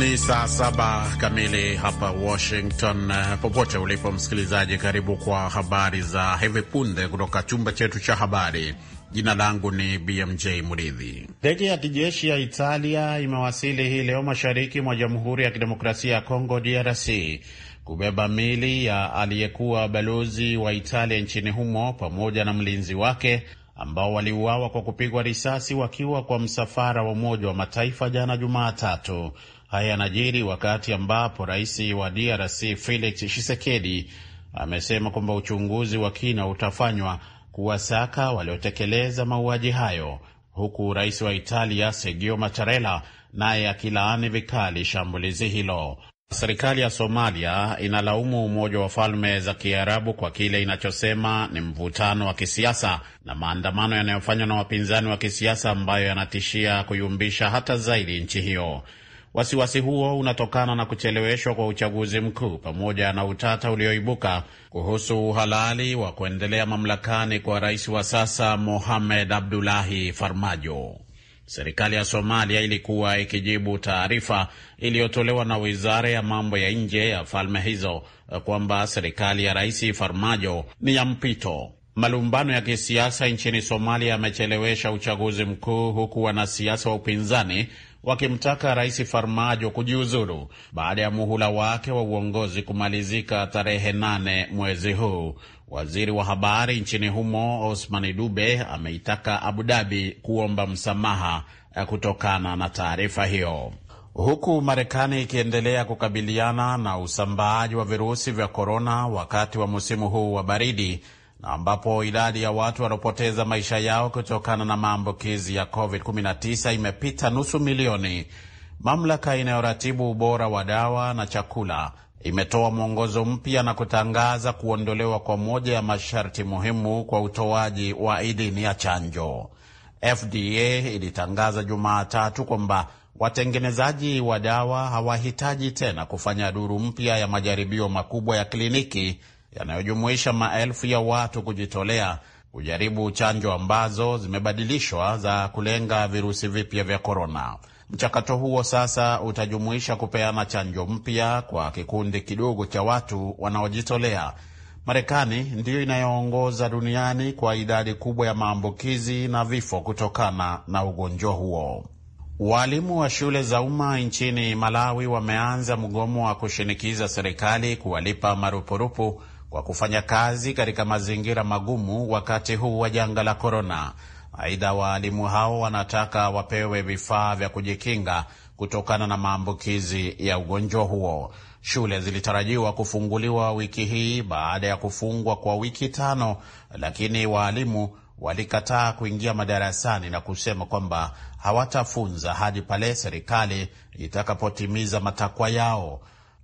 Ni saa saba kamili hapa Washington. Popote ulipo msikilizaji, karibu kwa habari za hivi punde kutoka chumba chetu cha habari. Jina langu ni BMJ Mridhi. Ndege ya kijeshi ya Italia imewasili hii leo mashariki mwa Jamhuri ya Kidemokrasia ya Kongo, DRC, kubeba mili ya aliyekuwa balozi wa Italia nchini humo pamoja na mlinzi wake ambao waliuawa kwa kupigwa risasi wakiwa kwa msafara wa Umoja wa Mataifa jana Jumatatu, Haya yanajiri wakati ambapo rais wa DRC Felix Tshisekedi amesema kwamba uchunguzi wa kina utafanywa kuwasaka waliotekeleza mauaji hayo, huku rais wa Italia Sergio Mattarella naye akilaani vikali shambulizi hilo. Serikali ya Somalia inalaumu Umoja wa Falme za Kiarabu kwa kile inachosema ni mvutano wa kisiasa na maandamano yanayofanywa na wapinzani wa kisiasa ambayo yanatishia kuyumbisha hata zaidi nchi hiyo. Wasiwasi huo unatokana na kucheleweshwa kwa uchaguzi mkuu pamoja na utata ulioibuka kuhusu uhalali wa kuendelea mamlakani kwa rais wa sasa Mohamed Abdullahi Farmajo. Serikali ya Somalia ilikuwa ikijibu taarifa iliyotolewa na wizara ya mambo ya nje ya falme hizo eh, kwamba serikali ya rais Farmajo ni ya mpito. Malumbano ya kisiasa nchini Somalia yamechelewesha uchaguzi mkuu, huku wanasiasa wa upinzani wakimtaka Rais Farmajo kujiuzulu baada ya muhula wake wa uongozi kumalizika tarehe nane mwezi huu. Waziri wa habari nchini humo Osmani Dube ameitaka Abu Dhabi kuomba msamaha eh, kutokana na taarifa hiyo. Huku Marekani ikiendelea kukabiliana na usambaaji wa virusi vya korona wakati wa msimu huu wa baridi, na ambapo idadi ya watu waliopoteza maisha yao kutokana na maambukizi ya COVID-19 imepita nusu milioni. Mamlaka inayoratibu ubora wa dawa na chakula imetoa mwongozo mpya na kutangaza kuondolewa kwa moja ya masharti muhimu kwa utoaji wa idhini ya chanjo. FDA ilitangaza Jumatatu kwamba watengenezaji wa dawa hawahitaji tena kufanya duru mpya ya majaribio makubwa ya kliniki yanayojumuisha maelfu ya watu kujitolea kujaribu chanjo ambazo zimebadilishwa za kulenga virusi vipya vya korona. Mchakato huo sasa utajumuisha kupeana chanjo mpya kwa kikundi kidogo cha watu wanaojitolea. Marekani ndiyo inayoongoza duniani kwa idadi kubwa ya maambukizi na vifo kutokana na ugonjwa huo. Waalimu wa shule za umma nchini Malawi wameanza mgomo wa kushinikiza serikali kuwalipa marupurupu kwa kufanya kazi katika mazingira magumu wakati huu wa janga la korona. Aidha, waalimu hao wanataka wapewe vifaa vya kujikinga kutokana na maambukizi ya ugonjwa huo. Shule zilitarajiwa kufunguliwa wiki hii baada ya kufungwa kwa wiki tano, lakini waalimu walikataa kuingia madarasani na kusema kwamba hawatafunza hadi pale serikali itakapotimiza matakwa yao.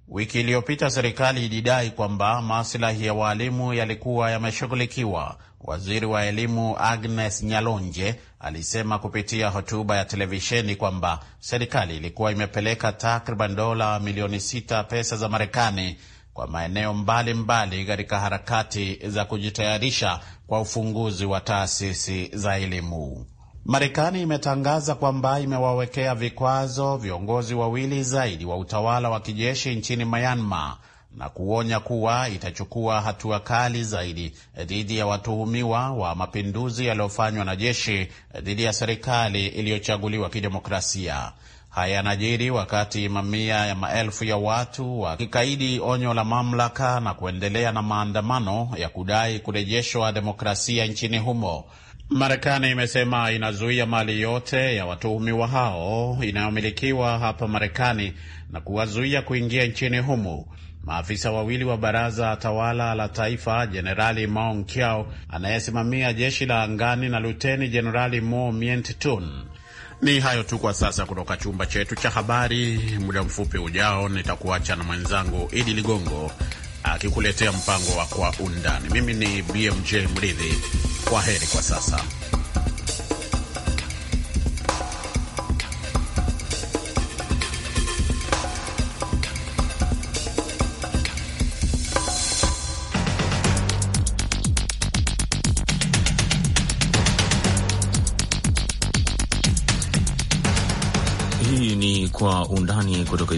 Wiki iliyopita serikali ilidai kwamba maslahi ya waalimu yalikuwa yameshughulikiwa. Waziri wa elimu Agnes Nyalonje alisema kupitia hotuba ya televisheni kwamba serikali ilikuwa imepeleka takriban dola milioni sita pesa za Marekani kwa maeneo mbalimbali katika harakati za kujitayarisha kwa ufunguzi wa taasisi za elimu. Marekani imetangaza kwamba imewawekea vikwazo viongozi wawili zaidi wa utawala wa kijeshi nchini Myanmar na kuonya kuwa itachukua hatua kali zaidi dhidi ya watuhumiwa wa mapinduzi yaliyofanywa na jeshi dhidi ya serikali iliyochaguliwa kidemokrasia. Haya yanajiri wakati mamia ya maelfu ya watu wakikaidi onyo la mamlaka na kuendelea na maandamano ya kudai kurejeshwa demokrasia nchini humo. Marekani imesema inazuia mali yote ya watuhumiwa hao inayomilikiwa hapa Marekani na kuwazuia kuingia nchini humo. Maafisa wawili wa baraza tawala la taifa, Jenerali Maung Kiao anayesimamia jeshi la angani na Luteni Jenerali Mo Mient Tun. Ni hayo tu kwa sasa kutoka chumba chetu cha habari. Muda mfupi ujao nitakuacha na mwenzangu Idi Ligongo akikuletea mpango wa Kwa Undani. Mimi ni BMJ Mridhi. Kwa heri kwa sasa.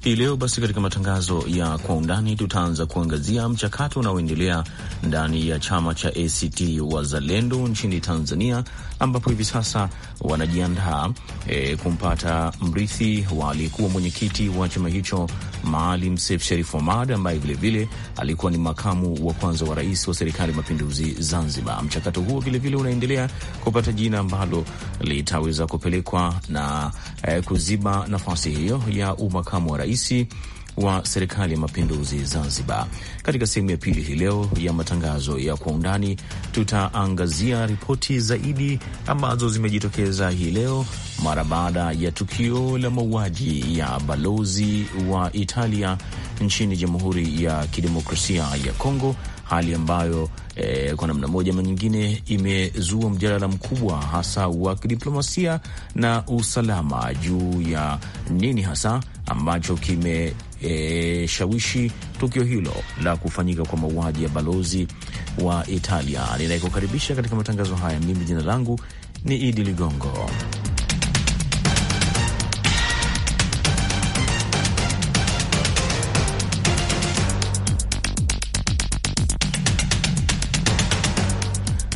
Hii leo basi, katika matangazo ya kwa undani, tutaanza kuangazia mchakato unaoendelea ndani ya chama cha ACT Wazalendo nchini Tanzania, ambapo hivi sasa wanajiandaa e, kumpata mrithi wa aliyekuwa mwenyekiti wa chama hicho Maalim Seif Sharif Hamad, ambaye vilevile alikuwa ni makamu wa kwanza wa rais wa serikali ya mapinduzi Zanzibar. Mchakato huo vilevile unaendelea kupata jina ambalo litaweza kupelekwa na e, kuziba nafasi hiyo ya umakamu wa rais rais wa serikali ya mapinduzi Zanzibar. Katika sehemu ya pili hii leo ya matangazo ya kwa undani, tutaangazia ripoti zaidi ambazo zimejitokeza hii leo mara baada ya tukio la mauaji ya balozi wa Italia nchini Jamhuri ya Kidemokrasia ya Kongo, hali ambayo eh, kwa namna moja ama nyingine imezua mjadala mkubwa hasa wa kidiplomasia na usalama juu ya nini hasa ambacho kimeshawishi e, tukio hilo la kufanyika kwa mauaji ya balozi wa Italia. Ninayekukaribisha katika matangazo haya mimi, jina langu ni Idi Ligongo.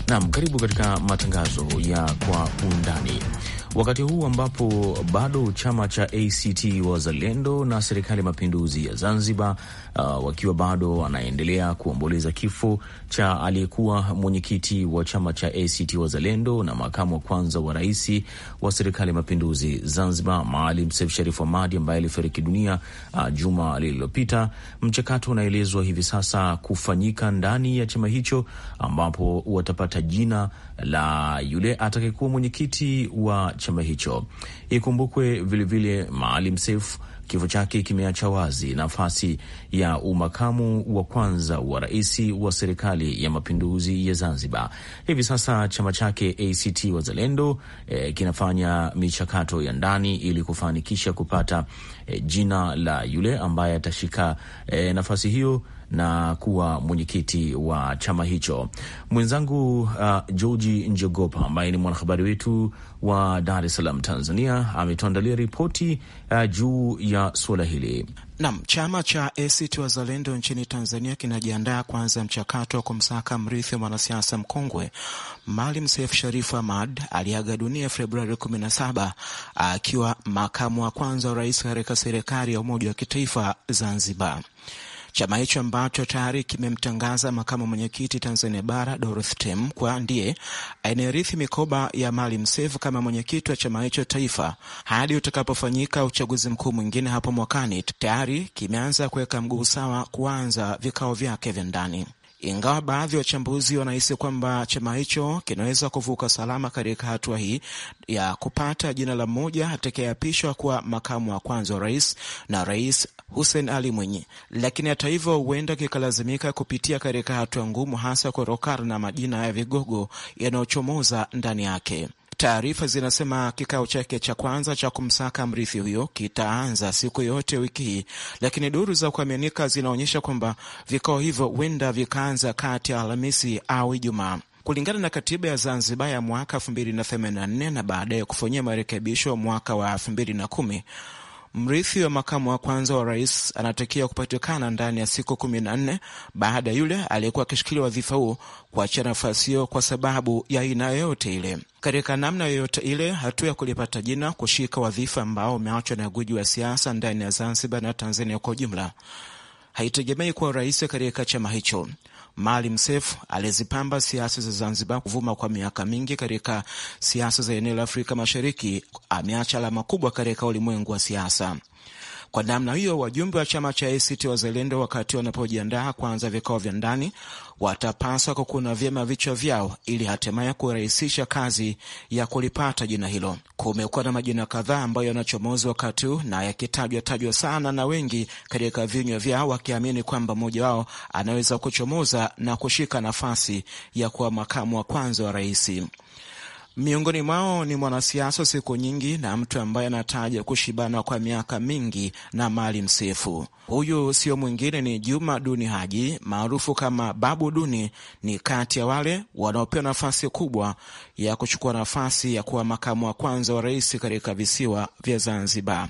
Nam, karibu katika matangazo ya kwa undani wakati huu ambapo bado chama cha ACT Wazalendo na serikali ya mapinduzi ya Zanzibar uh, wakiwa bado wanaendelea kuomboleza kifo cha aliyekuwa mwenyekiti wa chama cha ACT Wazalendo na makamu wa kwanza wa rais wa serikali ya mapinduzi Zanzibar, Maalim Seif Sharif Hamad ambaye alifariki dunia uh, juma lililopita. Mchakato unaelezwa hivi sasa kufanyika ndani ya chama hicho ambapo watapata jina la yule atakayekuwa mwenyekiti wa chama hicho. Ikumbukwe vilevile Maalim Seif kifo chake kimeacha wazi nafasi ya umakamu wa kwanza wa rais wa serikali ya mapinduzi ya Zanzibar. Hivi sasa chama chake ACT Wazalendo eh, kinafanya michakato ya ndani ili kufanikisha kupata eh, jina la yule ambaye atashika eh, nafasi hiyo na kuwa mwenyekiti wa chama hicho. Mwenzangu uh, Georgi Njogopa ambaye ni mwanahabari wetu wa Dar es Salaam, Tanzania, ametuandalia ripoti uh, juu ya suala hili. Nam, chama cha ACT Wazalendo nchini Tanzania kinajiandaa kuanza mchakato wa kumsaka mrithi wa mwanasiasa mkongwe Maalim Seif Sharif Ahmad aliaga dunia Februari 17 akiwa makamu wa kwanza wa rais katika serikali ya umoja wa kitaifa Zanzibar. Chama hicho ambacho tayari kimemtangaza makamu mwenyekiti Tanzania Bara Dorothy kwa ndiye anayerithi mikoba ya Maalim Seif kama mwenyekiti wa chama hicho taifa hadi utakapofanyika uchaguzi mkuu mwingine hapo mwakani. Tayari kimeanza kuweka mguu sawa kuanza vikao vyake vya ndani ingawa baadhi ya wachambuzi wanahisi kwamba chama hicho kinaweza kuvuka salama katika hatua hii ya kupata jina la mmoja atakayeapishwa kuwa makamu wa kwanza wa rais na Rais Hussein Ali Mwinyi, lakini hata hivyo huenda kikalazimika kupitia katika hatua ngumu, hasa kutokana na majina ya vigogo yanayochomoza ndani yake. Taarifa zinasema kikao chake cha kwanza cha kumsaka mrithi huyo kitaanza siku yote wiki hii, lakini duru za kuaminika zinaonyesha kwamba vikao hivyo huenda vikaanza kati ya Alhamisi au Ijumaa. Kulingana na katiba ya Zanzibar ya mwaka 2084 na baadaye kufanyia marekebisho mwaka wa 2010 Mrithi wa makamu wa kwanza wa rais anatakiwa kupatikana ndani ya siku kumi na nne baada ya yule aliyekuwa akishikilia wadhifa huo kuachia nafasi hiyo kwa sababu ya aina yoyote ile. Katika namna yoyote ile, hatua ya kulipata jina kushika wadhifa ambao umeachwa na guji wa siasa ndani ya Zanzibar na Tanzania kwa ujumla haitegemei kuwa rais katika chama hicho. Maalim Seif alizipamba siasa za Zanzibar kuvuma kwa miaka mingi katika siasa za eneo la Afrika Mashariki. Ameacha alama kubwa katika ulimwengu wa siasa. Kwa namna hiyo, wajumbe wa chama cha ACT Wazalendo wakati wanapojiandaa kuanza vikao vya ndani watapaswa kukuna vyema vichwa vyao ili hatimaye kurahisisha kazi ya kulipata jina hilo. Kumekuwa na majina kadhaa ambayo yanachomoza wakati huu na yakitajwa tajwa sana na wengi katika vinywa vyao, wakiamini kwamba mmoja wao anaweza kuchomoza na kushika nafasi ya kuwa makamu wa kwanza wa rais. Miongoni mwao ni mwanasiasa siku nyingi na mtu ambaye anataja kushibana kwa miaka mingi na mali msefu. Huyu sio mwingine ni Juma Duni Haji maarufu kama Babu Duni. Ni kati ya wale wanaopewa nafasi kubwa ya kuchukua nafasi ya kuwa makamu wa kwanza wa rais katika visiwa vya Zanzibar.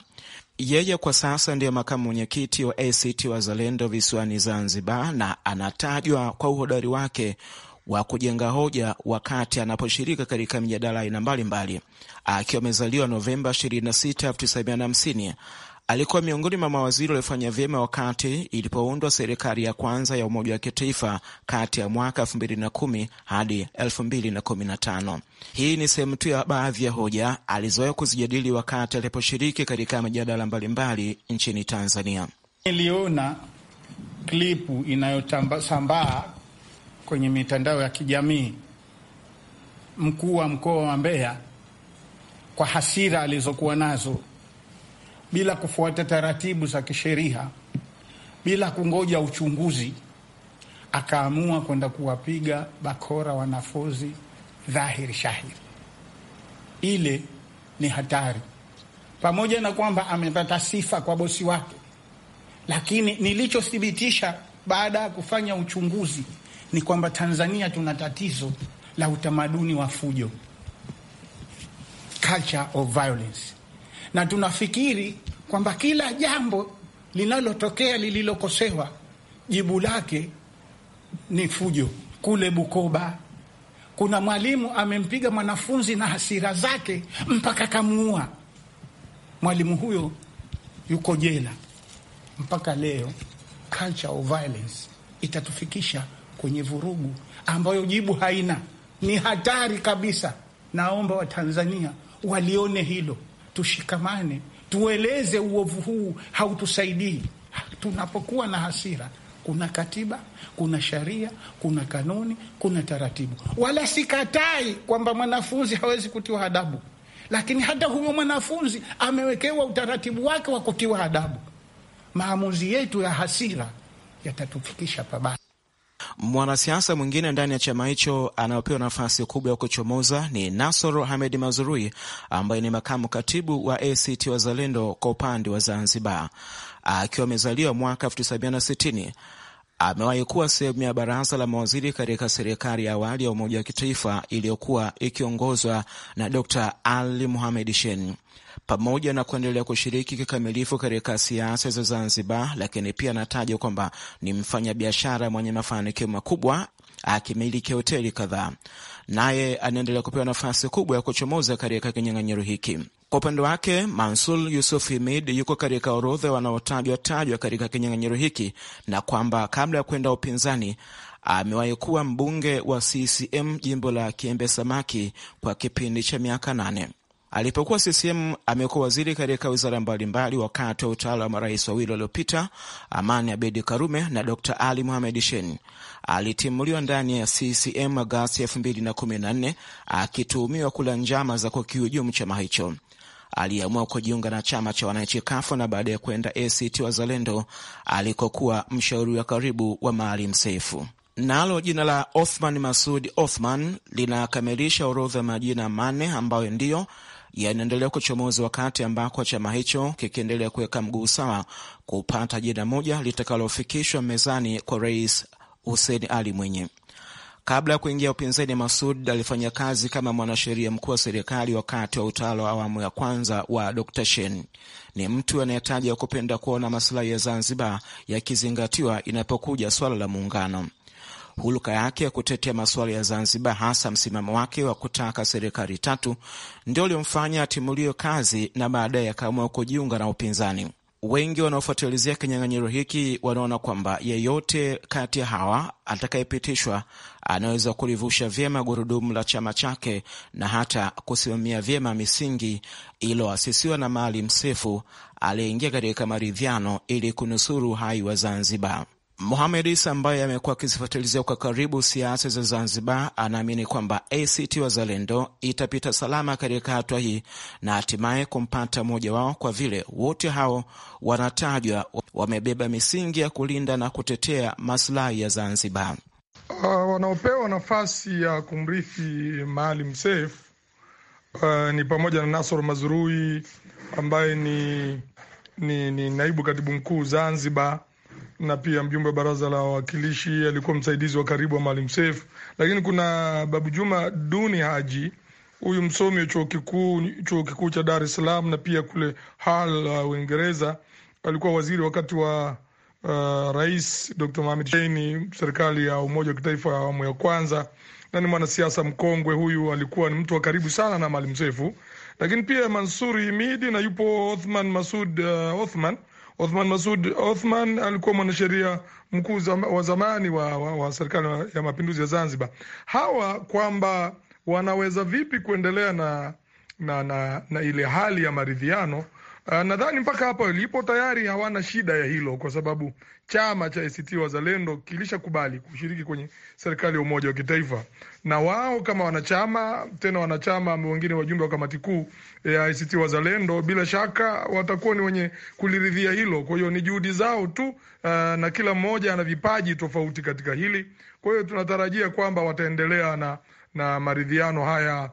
Yeye kwa sasa ndiye makamu mwenyekiti wa ACT Wazalendo visiwani Zanzibar na anatajwa kwa uhodari wake wa kujenga hoja wakati anaposhiriki katika mijadala aina mbalimbali. Akiwa amezaliwa Novemba 26, 1950 alikuwa miongoni mwa mawaziri waliofanya vyema wakati ilipoundwa serikali ya kwanza ya umoja wa kitaifa kati ya mwaka 2010 hadi 2015. Hii ni sehemu tu ya baadhi ya hoja alizowahi kuzijadili wakati aliposhiriki katika mijadala mbalimbali nchini Tanzania. Niliona klipu inayosambaa kwenye mitandao ya kijamii mkuu wa mkoa wa Mbeya kwa hasira alizokuwa nazo, bila kufuata taratibu za kisheria, bila kungoja uchunguzi, akaamua kwenda kuwapiga bakora wanafunzi dhahiri shahiri. Ile ni hatari, pamoja na kwamba amepata sifa kwa bosi wake, lakini nilichothibitisha baada ya kufanya uchunguzi ni kwamba Tanzania tuna tatizo la utamaduni wa fujo, culture of violence, na tunafikiri kwamba kila jambo linalotokea lililokosewa jibu lake ni fujo. Kule Bukoba kuna mwalimu amempiga mwanafunzi na hasira zake mpaka kamuua. Mwalimu huyo yuko jela mpaka leo. Culture of violence itatufikisha kwenye vurugu ambayo jibu haina, ni hatari kabisa. Naomba Watanzania walione hilo, tushikamane, tueleze uovu huu hautusaidii. Tunapokuwa na hasira, kuna katiba, kuna sheria, kuna kanuni, kuna taratibu. Wala sikatai kwamba mwanafunzi hawezi kutiwa adabu, lakini hata huyo mwanafunzi amewekewa utaratibu wake wa kutiwa adabu. Maamuzi yetu ya hasira yatatufikisha pabaya. Mwanasiasa mwingine ndani ya chama hicho anayopewa nafasi kubwa ya kuchomoza ni Nasoro Hamed Mazurui ambaye ni makamu katibu wa ACT Wazalendo kwa upande wa Zanzibar. Akiwa amezaliwa mwaka 1960 amewahi kuwa sehemu ya baraza la mawaziri katika serikali ya awali ya umoja wa kitaifa iliyokuwa ikiongozwa na Dr Ali muhamed Shein pamoja na kuendelea kushiriki kikamilifu katika siasa za Zanzibar, lakini pia anataja kwamba ni mfanyabiashara mwenye mafanikio makubwa akimiliki hoteli kadhaa. Naye anaendelea kupewa nafasi kubwa ya kuchomoza katika kinyang'anyiro hiki. Kwa upande wake Mansul Yusuf Himid yuko katika orodha wanaotajwa tajwa katika kinyang'anyiro hiki na kwamba kabla ya kwenda upinzani amewahi kuwa mbunge wa CCM jimbo la Kiembe Samaki kwa kipindi cha miaka nane. Alipokuwa CCM amekuwa waziri katika wizara mbalimbali wakati wa utawala wa marais wawili waliopita, Amani Abedi Karume na Dr Ali Mohamed Shein. Alitimuliwa ndani ya CCM Agasti nne akituhumiwa kula njama za kukihujumu chama hicho. Aliamua kujiunga na chama cha wananchi kafu na baada ya kwenda ACT Wazalendo alikokuwa mshauri wa karibu wa Maalim Seifu. Nalo jina la Othman Masud Othman linakamilisha orodha ya majina manne ambayo ndiyo yanaendelea kuchomoza wakati ambako chama hicho kikiendelea kuweka mguu sawa kupata jina moja litakalofikishwa mezani kwa Rais Hussein Ali Mwinyi. Kabla ya kuingia upinzani, Masud alifanya kazi kama mwanasheria mkuu wa serikali wakati wa utawala wa awamu ya kwanza wa Dr Shein. Ni mtu anayetaja kupenda kuona masilahi ya Zanzibar yakizingatiwa inapokuja swala la muungano. Hulka yake ya kutetea masuala ya Zanzibar, hasa msimamo wake wa kutaka serikali tatu, ndio uliomfanya atimuliwe kazi na baadaye akaamua kujiunga na upinzani. Wengi wanaofuatilizia kinyang'anyiro hiki wanaona kwamba yeyote kati ya hawa atakayepitishwa anaweza kulivusha vyema gurudumu la chama chake na hata kusimamia vyema misingi iliyoasisiwa na Maalim Seif aliyeingia katika maridhiano ili kunusuru uhai wa Zanzibar. Mohamed Isa ambaye amekuwa akizifuatilizia kwa karibu siasa za Zanzibar anaamini kwamba ACT Wazalendo itapita salama katika hatua hii na hatimaye kumpata mmoja wao, kwa vile wote hao wanatajwa wamebeba misingi ya kulinda na kutetea masilahi ya Zanzibar. Uh, wanaopewa nafasi ya kumrithi Maalim Seif uh, ni pamoja na Nasor Mazurui ambaye ni, ni, ni naibu katibu mkuu Zanzibar na pia mjumbe wa baraza la wawakilishi alikuwa msaidizi wa karibu wa Maalim Seif. Lakini kuna Babu Juma Duni Haji, huyu msomi wa chuo kikuu chuo kikuu cha Dar es Salaam na pia kule Hull, uh, Uingereza, alikuwa waziri wakati wa uh, Rais Dr. Mohamed Shein, serikali ya umoja wa kitaifa ya awamu ya kwanza, na ni mwanasiasa mkongwe huyu, alikuwa ni mtu wa karibu sana na Maalim Seif. Lakini pia Mansuri Midi na yupo Othman Masud uh, Othman Othman Masud Othman alikuwa mwanasheria mkuu wa zamani wa, wa, wa serikali ya mapinduzi ya Zanzibar. Hawa kwamba wanaweza vipi kuendelea na na, na, na ile hali ya maridhiano Uh, nadhani mpaka hapa ilipo tayari hawana shida ya hilo, kwa sababu chama cha ACT Wazalendo kilishakubali kushiriki kwenye serikali ya umoja wa kitaifa, na wao kama wanachama tena wanachama wengine wajumbe wa kamati kuu ya ACT Wazalendo, bila shaka watakuwa ni wenye kuliridhia hilo. Kwa hiyo ni juhudi zao tu, uh, na kila mmoja ana vipaji tofauti katika hili. Kwa hiyo tunatarajia kwamba wataendelea na, na maridhiano haya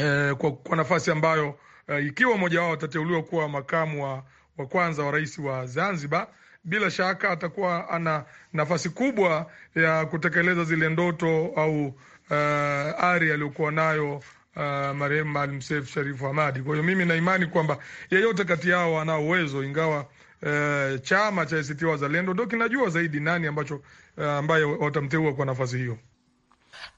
eh, kwa, kwa nafasi ambayo uh, ikiwa mmoja wao atateuliwa kuwa makamu wa, wa kwanza wa rais wa Zanzibar, bila shaka atakuwa ana nafasi kubwa ya kutekeleza zile ndoto au uh, ari aliyokuwa nayo Uh, marehemu Maalim Seif sharifu Hamadi. Kwa hiyo mimi naimani kwamba yeyote kati yao anao uwezo, ingawa uh, chama cha ACT Wazalendo ndo kinajua zaidi nani ambacho uh, ambaye watamteua kwa nafasi hiyo.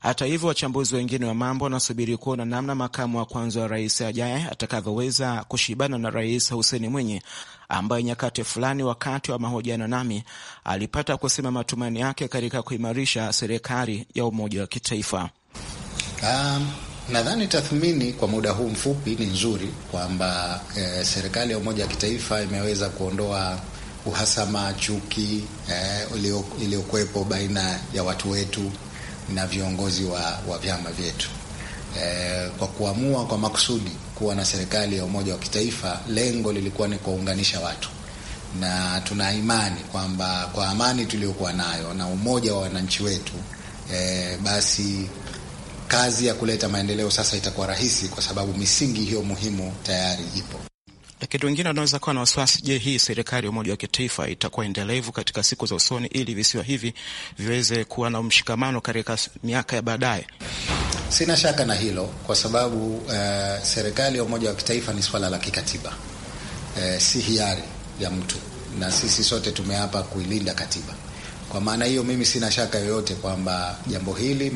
Hata hivyo, wachambuzi wengine wa mambo wanasubiri kuona namna makamu wa kwanza wa rais ajaye atakavyoweza kushibana na Rais huseni Mwinyi ambaye nyakati fulani wakati wa mahojiano nami alipata kusema matumaini yake katika kuimarisha serikali ya umoja wa kitaifa. Um, nadhani tathmini kwa muda huu mfupi ni nzuri kwamba eh, serikali ya umoja wa kitaifa imeweza kuondoa uhasama, chuki eh, iliyokuwepo baina ya watu wetu na viongozi wa, wa vyama vyetu e, kwa kuamua kwa makusudi kuwa na serikali ya umoja wa kitaifa, lengo lilikuwa ni kuwaunganisha watu, na tuna imani kwamba kwa amani tuliyokuwa nayo na umoja wa wananchi wetu e, basi kazi ya kuleta maendeleo sasa itakuwa rahisi, kwa sababu misingi hiyo muhimu tayari ipo. Lakini wengine wanaweza kuwa na wasiwasi, je, hii serikali ya umoja wa kitaifa itakuwa endelevu katika siku za usoni ili visiwa hivi viweze kuwa na mshikamano katika miaka ya baadaye? Sina shaka na hilo kwa sababu uh, serikali ya umoja wa kitaifa ni swala la kikatiba uh, si hiari ya mtu, na sisi sote tumeapa kuilinda katiba. Kwa maana hiyo, mimi sina shaka yoyote kwamba jambo hili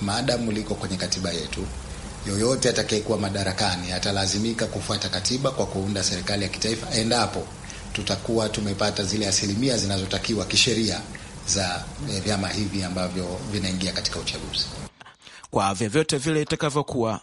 maadamu liko kwenye katiba yetu yoyote atakayekuwa madarakani atalazimika kufuata katiba kwa kuunda serikali ya kitaifa endapo tutakuwa tumepata zile asilimia zinazotakiwa kisheria za eh, vyama hivi ambavyo vinaingia katika uchaguzi. Kwa vyovyote vile itakavyokuwa,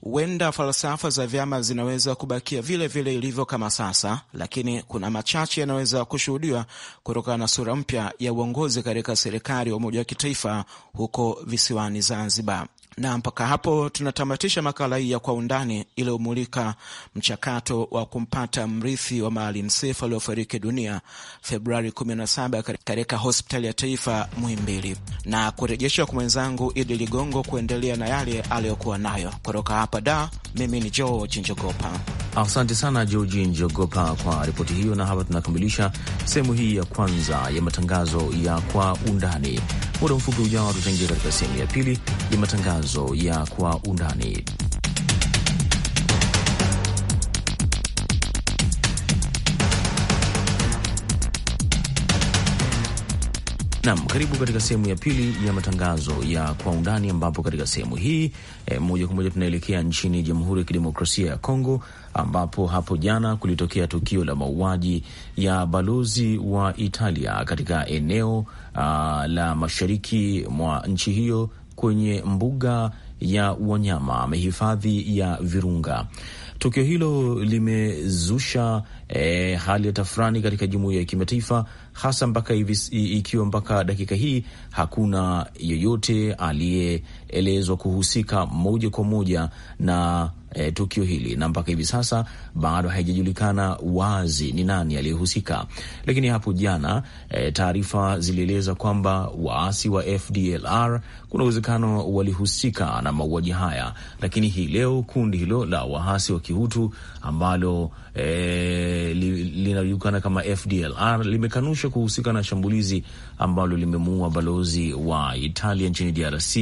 huenda falsafa za vyama zinaweza kubakia vile vile ilivyo kama sasa, lakini kuna machache yanaweza kushuhudiwa kutokana na sura mpya ya uongozi katika serikali ya umoja wa kitaifa huko visiwani Zanzibar na mpaka hapo tunatamatisha makala hii ya Kwa Undani iliyomulika mchakato wa kumpata mrithi wa Maalim Seif aliyofariki dunia Februari 17 katika hospitali ya taifa Muhimbili, na kurejeshwa kwa mwenzangu Idi Ligongo kuendelea na yale aliyokuwa nayo. Kutoka hapa da, mimi ni George Njogopa. Asante sana Georgi Njogopa kwa ripoti hiyo, na hapa tunakamilisha sehemu hii ya kwanza ya matangazo ya Kwa Undani. Muda mfupi ujao, tutaingia katika sehemu ya pili ya matangazo ya Kwa Undani. Nam, karibu katika sehemu ya pili ya matangazo ya kwa undani, ambapo katika sehemu hii e, moja kwa moja tunaelekea nchini Jamhuri ya Kidemokrasia ya Kongo, ambapo hapo jana kulitokea tukio la mauaji ya balozi wa Italia katika eneo a, ah, la mashariki mwa nchi hiyo kwenye mbuga ya wanyama mehifadhi ya Virunga. Tukio hilo limezusha e, hali ya tafurani katika jumuiya ya kimataifa hasa mpaka hivi ikiwa mpaka dakika hii hakuna yeyote aliyeelezwa kuhusika moja kwa moja na e, tukio hili, na mpaka hivi sasa bado haijajulikana wazi ni nani aliyehusika. Lakini hapo jana e, taarifa zilieleza kwamba waasi wa FDLR kuna uwezekano walihusika na mauaji haya, lakini hii leo kundi hilo la waasi wa Kihutu ambalo e, linajulikana kama FDLR limekanusha kuhusika na shambulizi ambalo limemuua balozi wa Italia nchini DRC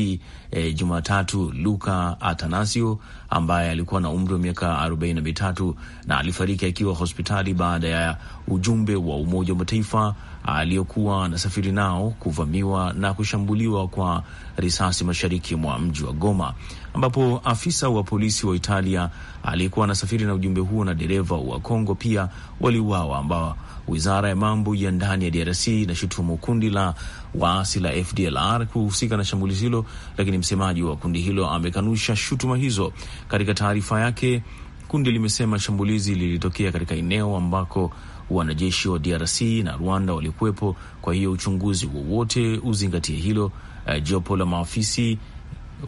e, Jumatatu, Luka Atanasio ambaye alikuwa na umri wa miaka 43 mitatu na alifariki akiwa hospitali baada ya ujumbe wa Umoja wa Mataifa ah, aliyokuwa anasafiri nao kuvamiwa na kushambuliwa kwa risasi mashariki mwa mji wa Goma, ambapo afisa wa polisi wa Italia ah, aliyekuwa anasafiri na ujumbe huo na dereva wa Kongo pia waliuawa, ambao wizara ya mambo ya ndani ya DRC inashutumu kundi la waasi la FDLR kuhusika na shambulizi hilo, lakini msemaji wa kundi hilo amekanusha shutuma hizo. Katika taarifa yake, kundi limesema shambulizi lilitokea katika eneo ambako wanajeshi wa DRC na Rwanda waliokuwepo. Kwa hiyo uchunguzi wowote uzingatie hilo. Uh, jopo la maafisi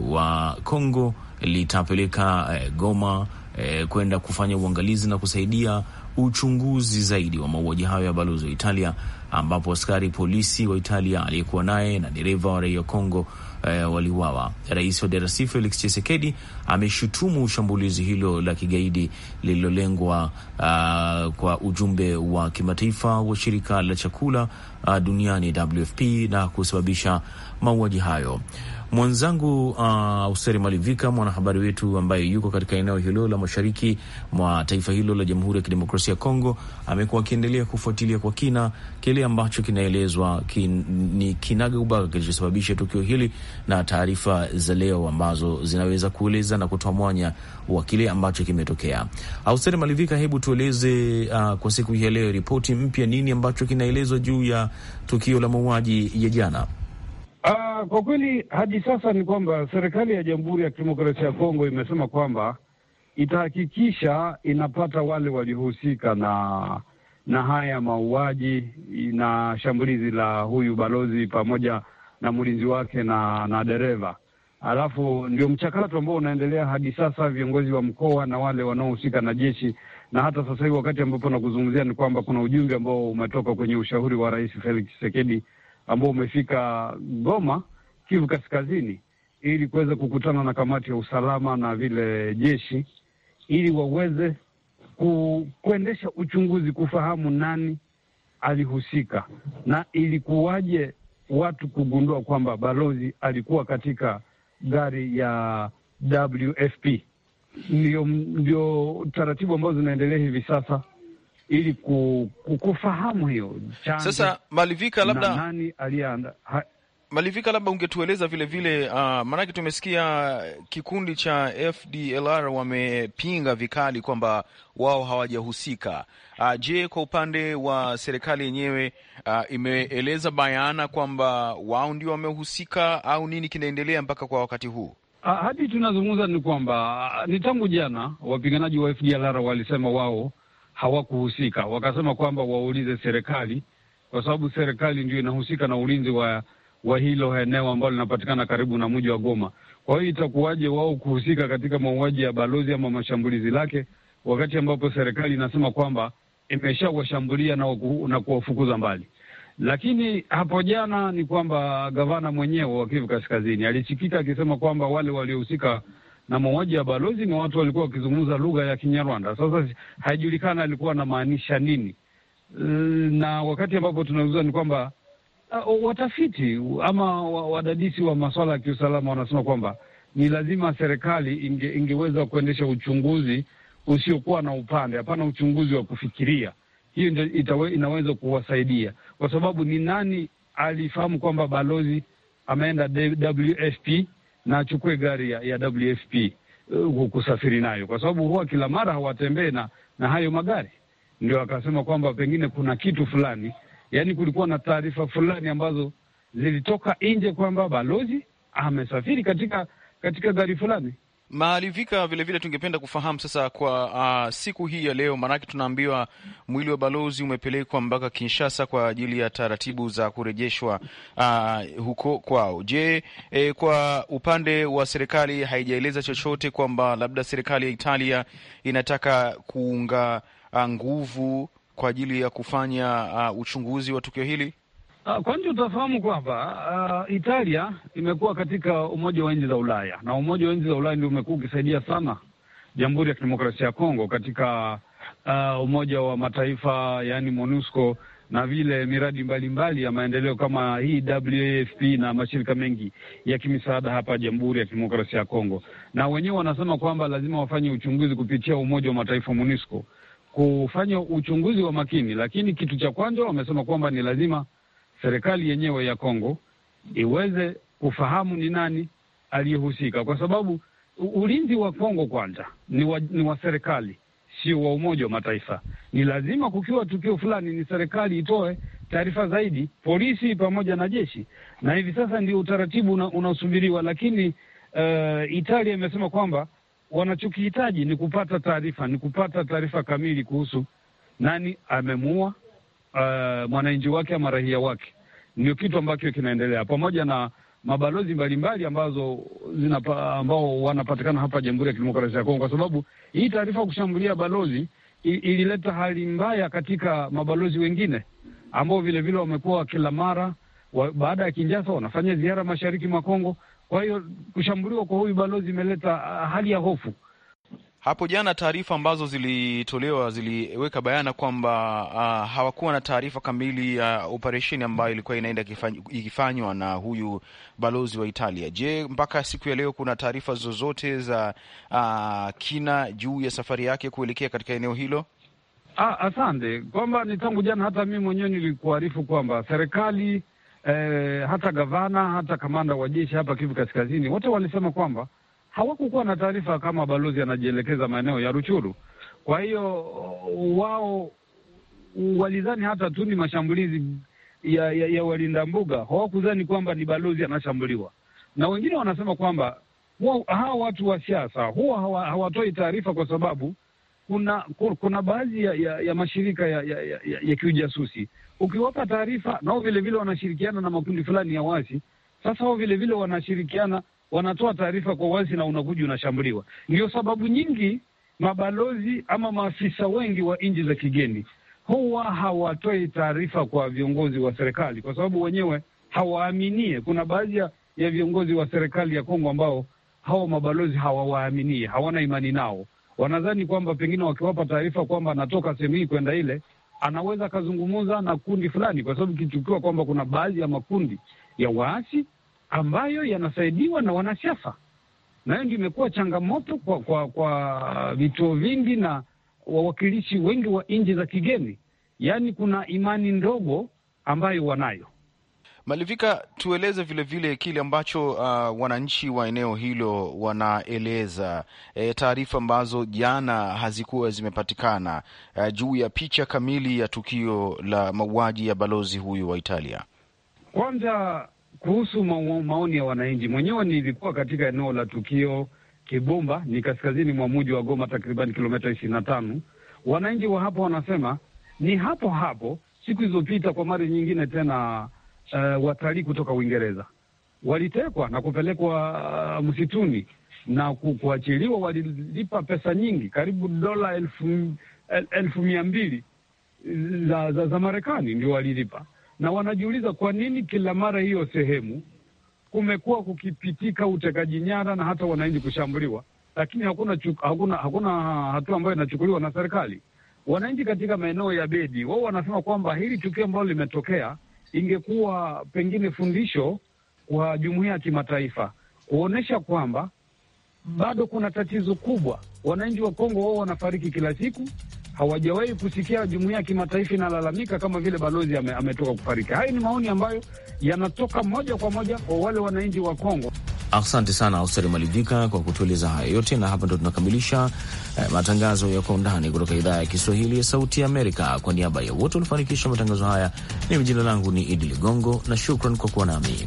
wa Kongo litapeleka uh, Goma uh, kwenda kufanya uangalizi na kusaidia uchunguzi zaidi wa mauaji hayo ya balozi wa Italia ambapo askari polisi wa Italia aliyekuwa naye na dereva wa raia wa Kongo eh, waliuawa. Rais wa DRC Felix Tshisekedi ameshutumu shambulizi hilo la kigaidi lililolengwa uh, kwa ujumbe wa kimataifa wa shirika la chakula uh, duniani WFP na kusababisha mauaji hayo. Mwenzangu uh, Useri Malivika, mwanahabari wetu ambaye yuko katika eneo hilo la mashariki mwa taifa hilo la Jamhuri ya Kidemokrasia ya Kongo, amekuwa akiendelea kufuatilia kwa kina kile ambacho kinaelezwa kin, ni kinaga ubaga kilichosababisha tukio hili na taarifa za leo ambazo zinaweza kueleza na kutoa mwanya wa kile ambacho kimetokea. Auseri uh, Malivika, hebu tueleze uh, kwa siku hii ya leo, ripoti mpya, nini ambacho kinaelezwa juu ya tukio la mauaji ya jana? Uh, kwa kweli hadi sasa ni kwamba serikali ya Jamhuri ya Kidemokrasia ya Kongo imesema kwamba itahakikisha inapata wale waliohusika na na haya mauaji na shambulizi la huyu balozi pamoja na mlinzi wake na na dereva. Alafu ndio mchakato ambao unaendelea hadi sasa, viongozi wa mkoa na wale wanaohusika na jeshi. Na hata sasa hivi wakati ambapo nakuzungumzia, ni kwamba kuna ujumbe ambao umetoka kwenye ushauri wa Rais Felix Tshisekedi ambao umefika Goma, Kivu Kaskazini, ili kuweza kukutana na kamati ya usalama na vile jeshi, ili waweze ku, kuendesha uchunguzi kufahamu nani alihusika na ilikuwaje watu kugundua kwamba balozi alikuwa katika gari ya WFP. Ndio, ndio taratibu ambazo zinaendelea hivi sasa ili kufahamu hiyo sasa. Malivika, labda nani aliyeandaa Malivika, labda ungetueleza vile vile uh, maanake tumesikia eh, kikundi cha FDLR wamepinga vikali kwamba wao hawajahusika. Uh, je, kwa upande wa serikali yenyewe uh, imeeleza bayana kwamba wao ndio wamehusika au nini kinaendelea mpaka kwa wakati huu? Uh, hadi tunazungumza ni kwamba ni tangu jana wapiganaji wa FDLR walisema wao hawakuhusika. Wakasema kwamba waulize serikali, kwa sababu serikali ndio inahusika na ulinzi wa wa hilo eneo ambalo linapatikana karibu na mji wa Goma. Kwa hiyo itakuwaje wao kuhusika katika mauaji ya balozi ama mashambulizi lake, wakati ambapo serikali inasema kwamba imeshawashambulia na, na kuwafukuza mbali. Lakini hapo jana ni kwamba gavana mwenyewe wa Kivu Kaskazini alisikika akisema kwamba wale waliohusika na mauaji ya balozi ni watu walikuwa wakizungumza lugha ya Kinyarwanda. Sasa haijulikana alikuwa anamaanisha nini, eh, na wakati ambapo tunauza ni kwamba uh, watafiti ama wadadisi wa masuala ya kiusalama wanasema kwamba ni lazima serikali inge, ingeweza kuendesha uchunguzi usiokuwa na upande, hapana uchunguzi wa kufikiria. Hiyo ndio inaweza kuwasaidia, kwa sababu ni nani alifahamu kwamba balozi ameenda WFP na achukue gari ya, ya WFP uh, eh, kusafiri nayo, kwa sababu huwa kila mara hawatembee na, na hayo magari. Ndio akasema kwamba pengine kuna kitu fulani, yaani kulikuwa na taarifa fulani ambazo zilitoka nje kwamba balozi amesafiri katika katika gari fulani. Maalivika, vilevile tungependa kufahamu sasa kwa uh, siku hii ya leo, maanake tunaambiwa mwili wa balozi umepelekwa mpaka Kinshasa kwa ajili ya taratibu za kurejeshwa uh, huko kwao. Je, e, kwa upande wa serikali haijaeleza chochote kwamba labda serikali ya Italia inataka kuunga ah, nguvu kwa ajili ya kufanya uh, uchunguzi wa tukio hili? Ah, kwanza utafahamu kwamba uh, Italia imekuwa katika Umoja wa Nchi za Ulaya na Umoja wa Nchi za Ulaya ndio umekuwa ukisaidia sana Jamhuri ya Kidemokrasia ya Kongo katika uh, Umoja wa Mataifa, yaani MONUSCO na vile miradi mbalimbali mbali ya maendeleo kama hii WFP na mashirika mengi ya kimisaada hapa Jamhuri ya Kidemokrasia ya Kongo. Na wenyewe wanasema kwamba lazima wafanye uchunguzi kupitia Umoja wa Mataifa MONUSCO, kufanya uchunguzi wa makini, lakini kitu cha kwanza wamesema kwamba ni lazima serikali yenyewe ya Kongo iweze kufahamu ni nani aliyehusika, kwa sababu ulinzi wa Kongo kwanza ni wa, ni wa serikali, sio wa Umoja wa Mataifa. Ni lazima kukiwa tukio fulani, ni serikali itoe taarifa zaidi, polisi pamoja na jeshi, na hivi sasa ndio utaratibu unaosubiriwa una, lakini uh, Italia imesema kwamba wanachokihitaji ni kupata taarifa, ni kupata taarifa kamili kuhusu nani amemuua, uh, mwananchi wake ama raia wake, ndio kitu ambacho kinaendelea pamoja na mabalozi mbalimbali ambazo zinapa, ambao wanapatikana hapa Jamhuri ya Kidemokrasia ya Kongo, kwa sababu hii taarifa ya kushambulia balozi ilileta hali mbaya katika mabalozi wengine ambao vilevile wamekuwa kila mara wa, baada ya Kinjasa wanafanya ziara mashariki mwa Kongo. Kwa hiyo kushambuliwa kwa huyu balozi imeleta uh, hali ya hofu hapo jana taarifa ambazo zilitolewa ziliweka bayana kwamba uh, hawakuwa na taarifa kamili ya uh, operesheni ambayo ilikuwa inaenda ikifanywa na huyu balozi wa Italia. Je, mpaka siku ya leo kuna taarifa zozote za uh, kina juu ya safari yake kuelekea katika eneo hilo? Ah, asante kwamba ni tangu jana, hata mimi mwenyewe nilikuarifu kwamba serikali eh, hata gavana hata kamanda wa jeshi hapa Kivu Kaskazini wote walisema kwamba hawakukuwa na taarifa kama balozi anajielekeza maeneo ya Ruchuru. Kwa hiyo wao walidhani hata tu ni mashambulizi ya, ya, ya walinda mbuga, hawakudhani kwamba ni balozi anashambuliwa. Na wengine wanasema kwamba hawa watu wa siasa huwa hawatoi taarifa kwa sababu kuna kuna baadhi ya, ya, ya mashirika ya, ya, ya, ya kiujasusi ukiwapa taarifa nao vilevile wanashirikiana na makundi fulani ya wasi. Sasa hao vilevile wanashirikiana wanatoa taarifa kwa wazi na unakuja unashambuliwa. Ndio sababu nyingi mabalozi ama maafisa wengi wa nchi za kigeni huwa hawatoi taarifa kwa viongozi wa serikali kwa sababu wenyewe hawaaminie. Kuna baadhi ya viongozi wa serikali ya Kongo ambao hao mabalozi hawawaaminie, hawana imani nao. Wanadhani kwamba pengine wakiwapa taarifa kwamba anatoka sehemu hii kwenda ile, anaweza akazungumza na kundi fulani, kwa sababu ikichukiwa kwamba kuna baadhi ya makundi ya waasi ambayo yanasaidiwa na wanasiasa, na hiyo ndio imekuwa changamoto kwa, kwa, kwa vituo vingi na wawakilishi wengi wa nchi za kigeni, yaani kuna imani ndogo ambayo wanayo. Malivika, tueleze vilevile kile ambacho uh, wananchi wa eneo hilo wanaeleza, e, taarifa ambazo jana hazikuwa zimepatikana uh, juu ya picha kamili ya tukio la mauaji ya balozi huyu wa Italia. Kwanza kuhusu maoni ya wananchi, mwenyewe nilikuwa katika eneo la tukio Kibumba, ni kaskazini mwa mji wa Goma, takriban kilomita ishirini na tano. Wananchi wa hapo wanasema ni hapo hapo siku zilizopita, kwa mara nyingine tena uh, watalii kutoka Uingereza walitekwa na kupelekwa uh, msituni na kuachiliwa. Walilipa pesa nyingi, karibu dola elfu, el, elfu mia mbili za, za, za Marekani ndio walilipa na wanajiuliza kwa nini kila mara hiyo sehemu kumekuwa kukipitika utekaji nyara na hata wananchi kushambuliwa, lakini hakuna chuk, hakuna hakuna hatua ambayo inachukuliwa na serikali. Wananchi katika maeneo ya Bedi wao wanasema kwamba hili tukio ambalo limetokea ingekuwa pengine fundisho kwa jumuiya ya kimataifa kuonesha kwamba bado kuna tatizo kubwa. Wananchi wa Kongo wao wanafariki kila siku, hawajawahi kusikia jumuiya ya kimataifa inalalamika kama vile balozi ame, ametoka kufariki. Haya ni maoni ambayo yanatoka moja kwa moja kwa wale wananchi wa Kongo. Asante sana Austeri Malivika kwa kutueleza haya yote, na hapa ndo tunakamilisha eh, matangazo ya kwa undani kutoka idhaa ya Kiswahili ya Sauti ya Amerika. Kwa niaba ya wote walifanikisha matangazo haya, mimi jina langu ni Idi Ligongo na shukran kwa kuwa nami.